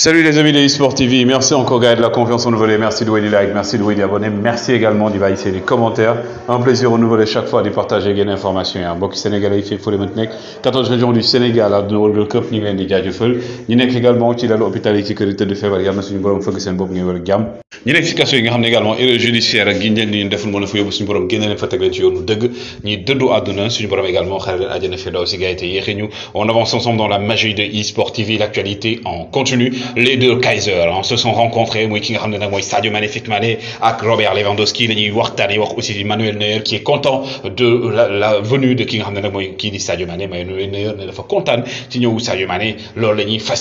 Salut les amis de eSport TV, merci encore Gaël de la confiance renouvelée, merci de les merci de vous abonner, merci également d'y laisser les commentaires. Un plaisir voler chaque fois de partager des informations. Un bokk Sénégal il fii fële maintenant 14 régions du Sénégal à dina wërgal këpp ñu ngi leen di jaajëfal ñi nekk également ci l'hôpital hôpital yi ci de février, tëdd feebar yàlla na suñu borom fëgg seen bopp ngay wër jàmm. ñi nekk ci kaso yi nga xam ne également erreur judiciaire ak yi ngeen di deful mën a fa yóbbu suñu borom génne fa teg leen ci yoonu dëgg ñi dëddu àdduna suñu borom également xare leen àjjana fi daw si gars on avance ensemble dans la magie de eSport TV l'actualité en continu les deux Kaiser hein, se sont rencontrés Moi, ki nga xam ne nag mooy Sadio Mané Robert Lewandowski et ñuy aussi Emmanuel Manuel Neuer qui est content de la venue de ki nga xam ne nag mooy kii Sadio Mané Manuel Neuer ne dafa content ci ñëw Sadio Mané loolu la ñuy fas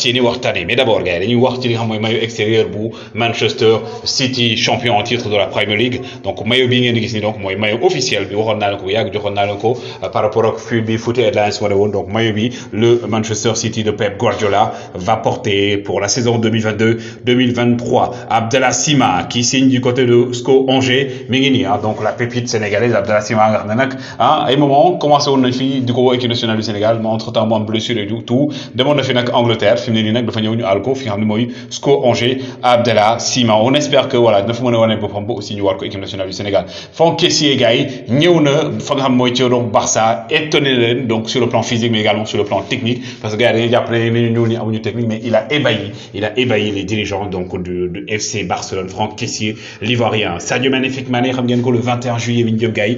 mais d'abord, il gars a dañuy wax ci maillot extérieur bu Manchester City champion en titre de la Premier League donc maillot bi ni donc maillot officiel bi Ronaldo naa du ko bu euh, par rapport au fil bi Footy Headlines moo donc maillot bi le Manchester City de Pep Guardiola va porter pour la saison 2022-2023. Sima qui signe du côté de SCO Angers Mingini, ah, donc la pépite sénégalaise Abdallah Sima Gardanak. ne ah, moment commencé woon nañ fi coup du groupe équipe nationale du Sénégal mais entre temps mu am blessure et tout demande na fi Angleterre fini mu ne nii nag dafa ñëw ñu SCO Angers Sima. on espère que voilà 9 mois de l'année, ba aussi ñu war équipe nationale du Sénégal Franck Kessié gars yi ñëw na fa donc Barça étonné donc sur le plan physique mais également sur le plan technique parce que gars a dañuy jàpp ne ñu technique mais il a ébahi il a ébahi les dirigeants donc de, FC Barcelone Franck Kessier, l'Ivoirien Sadio Mané Fekmané le 21 juillet bi Gaï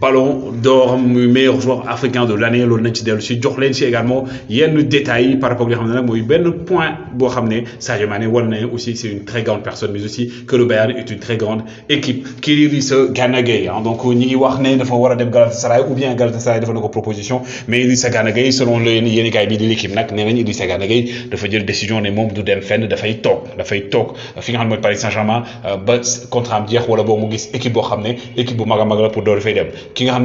ballon d'or meilleur joueur africain de l'année loolu nañ ci dellu si jox leen si également yenn détails yi par rapport li nga xam ne nag point bo xam Sadio Mané wan na aussi c'est une très grande personne mais aussi que le Bayern est une très grande équipe Idrissa Gana Gueye hein. donc euh, ñi ngi wax né dafa wara a dem Galatasaray ou bien Galatasaray dafa nako proposition mais Idrissa Gana Gueye selon le yene kaay bi di l'équipe nak né nañ Idrissa Gana Gueye dafa jël décision né mom du dem fenn da fay tok da fay tok fi nga xam moy Paris Saint-Germain euh, but contre am diex wala bo mu gis équipe bo xam équipe bu mag a pour doolu fay dem ki nga xam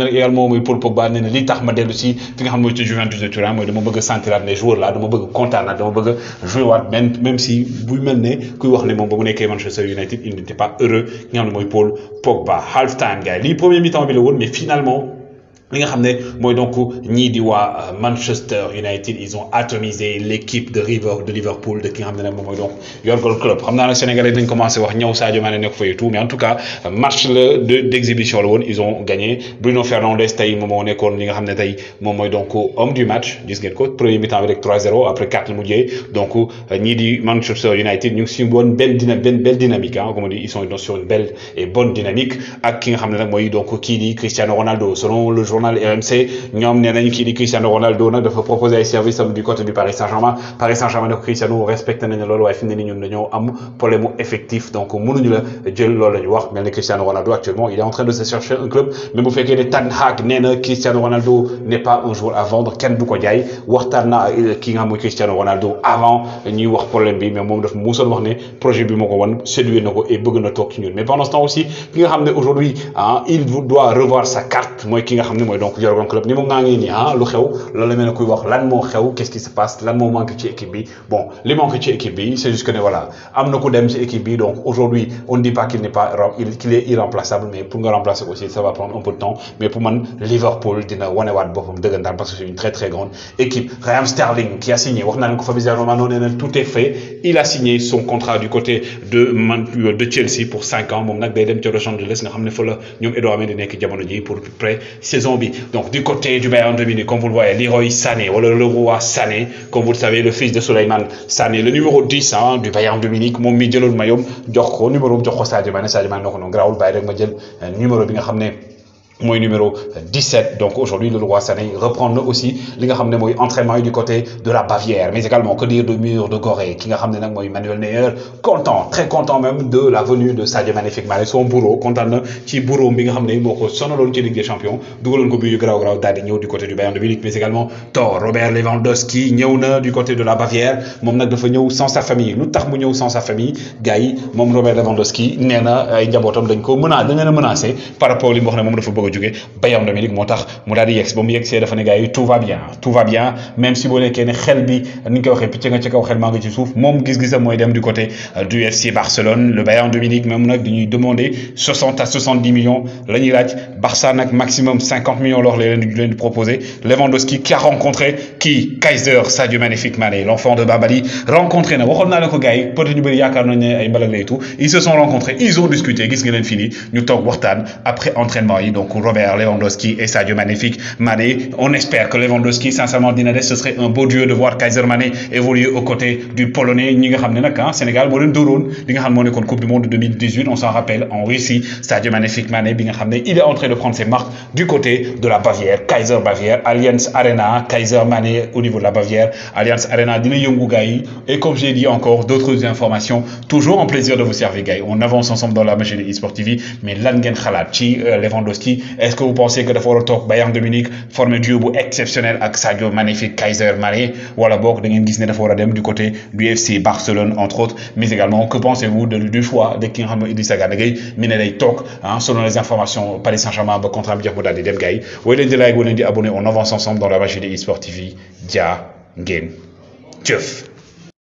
Paul Pogba qui li tax ma si fi nga Juventus de Turin dama bëgg a né joueur la dama bëgg même même si Manchester United il pas heureux nga Paul Pogba half time gars premier mi-temps mais finalement li nga xamné moy donc ñi di wa euh, Manchester United ils ont atomisé l'équipe de River de Liverpool de ki nga xam ne nag donc Yor Gol Club xam naa sénégalais dañ commencé wax ñew Sadio Mané nekk fa et tout mais en tout cas euh, match le de d'exhibition la ils ont gagné Bruno Fernandes tay moom moo nekkoon li nga xamné tay mom moy donc homme du match gis ngeen ko premier mi-temps avec 3-0 après 4 donc euh, ñi di Manchester United ñu ci won ben dina belle dynamique hein. comme on dit ils sont sur une belle et bonne dynamique ak ki nga xamné nak moy donc kii di Cristiano Ronaldo selon le journal journal RMC ñoom nee nañ di Cristiano Ronaldo nag dafa proposer un service am du côté du Paris Saint-Germain Paris Saint-Germain ne Cristiano respecté les lois et fi mu ne nii ñun dañoo am problème effectif donc mënuñu la jël loolu la wax Cristiano Ronaldo actuellement il est en train de se chercher un club mais vous faites que Tan Hag nee Cristiano Ronaldo n'est pas un joueur à vendre Ken du ko jaay waxtaan ki nga Cristiano Ronaldo avant new york problème bi mais au daf de wax ne projet bi moo ko wan séduire et bëgg na toog mais pendant ce temps aussi ki nga aujourd'hui ah, il doit revoir sa carte moi ki nga mooy donc Jurgen club ni mu ŋaangee ni ah lu xew loolu la mel ne kuy wax lan mo xew qu'est-ce qui se passe lan mo manque ci équipe bi bon li manque ci équipe bi c'est juste que ne voilà am ko dem ci équipe bi donc aujourd'hui on dit pas qu'il n'est pas qu'il est irremplaçable mais pour nga remplacer aussi ça va prendre un peu de temps mais pour man Liverpool dina wat boppam dëggantaan parce que c'est une très très grande équipe Raheem Sterling qui a signé wax naa ko Fabrizio Romano nee na tout est fait il a signé son contrat du côté de man de Chelsea pour cinq ans mom nak day dem ca de Angeles nga xamné fa la Edouard Mendy di jamono ji pour près saison donc du côté du Bayern Dominique, comme vous le voyez Leroy Sané le roi Sané comme vous le savez le fils de Soleiman Sané le numéro 10 hein, du Bayern de Munich mon le de maillot numéro 10 le Sadio Mané Sadio ne le euh, numéro bi moy numéro 17 donc aujourd'hui le roi Sané reprend aussi li nga xamné moy entraînement du côté de la Bavière mais également que dire de mur de Gorée ki nga xamné nak moy Manuel Neuer content très content même de la venue de Sadio Mané Fekk Mané son bourreau Content na ci bourreau bi nga xamné ne sonalon ci Ligue des Champions dougalon ko bii graw graw dal di du côté du Bayern de Munich mais également Thor Robert Lewandowski ñëw na du côté de la Bavière mom nak dafa sans sa famille lu tax mu sans sa famille gars yi Robert Lewandowski néna a ay njabootam dañ ko menacé par rapport li mu wax ne moom dafa bëgg jógee Bayern de Munich tax mu daal di yegg si ba dafa ne yi tout va bien tout va bien même si bo nekkee ne xel bi ni ñu koy waxee picc nga ci kaw xel ma nga ci souf mom gis-gisam moy dem du côté euh, du FC Barcelone le Bayern Munich, même nak dañuy demander 60 à 70 millions lañuy laaj Barça nak maximum 50 millions lor la leen di leen di Lewandowski qui a rencontré qui Kaiser Sadio magnifique Mané l'enfant de Babali rencontré na waxon na lako ko gars yi peut être ñu nañ ay mbalag lay tout ils se sont rencontrés ils ont discuté gis nga leen fini ñu tok waxtaan après entraînement yi donc. Robert Lewandowski et Sadio Magnifique Mané. On espère que Lewandowski, sincèrement, ce serait un beau dieu de voir Kaiser Mané évoluer aux côtés du Polonais. Ah, Sénégal, durun, Coupe du Monde 2018, on s'en rappelle, en Russie, Sadio Magnifique Mané, il est en train de prendre ses marques du côté de la Bavière, Kaiser Bavière, Allianz Arena, Kaiser Mané au niveau de la Bavière, Allianz Arena, Dina Gai Et comme j'ai dit encore, d'autres informations, toujours en plaisir de vous servir, Gaï. On avance ensemble dans la machine eSport TV, mais Langen Khalat, euh, Lewandowski, est-ce que vous pensez que dafa war tok Bayern Dominique forme duo exceptionnel avec Sadio magnifique Kaiser Marie ou alors da ngeen gis ne dafa du côté du FC Barcelone entre autres mais également que pensez-vous de du choix de Kim nga un de Idrissa Gana Gueye hein, selon les informations Paris Saint-Germain va contrat pour jeex mu daal ou dem gars yi like abonné on avance ensemble dans la magie de eSport TV game tchouf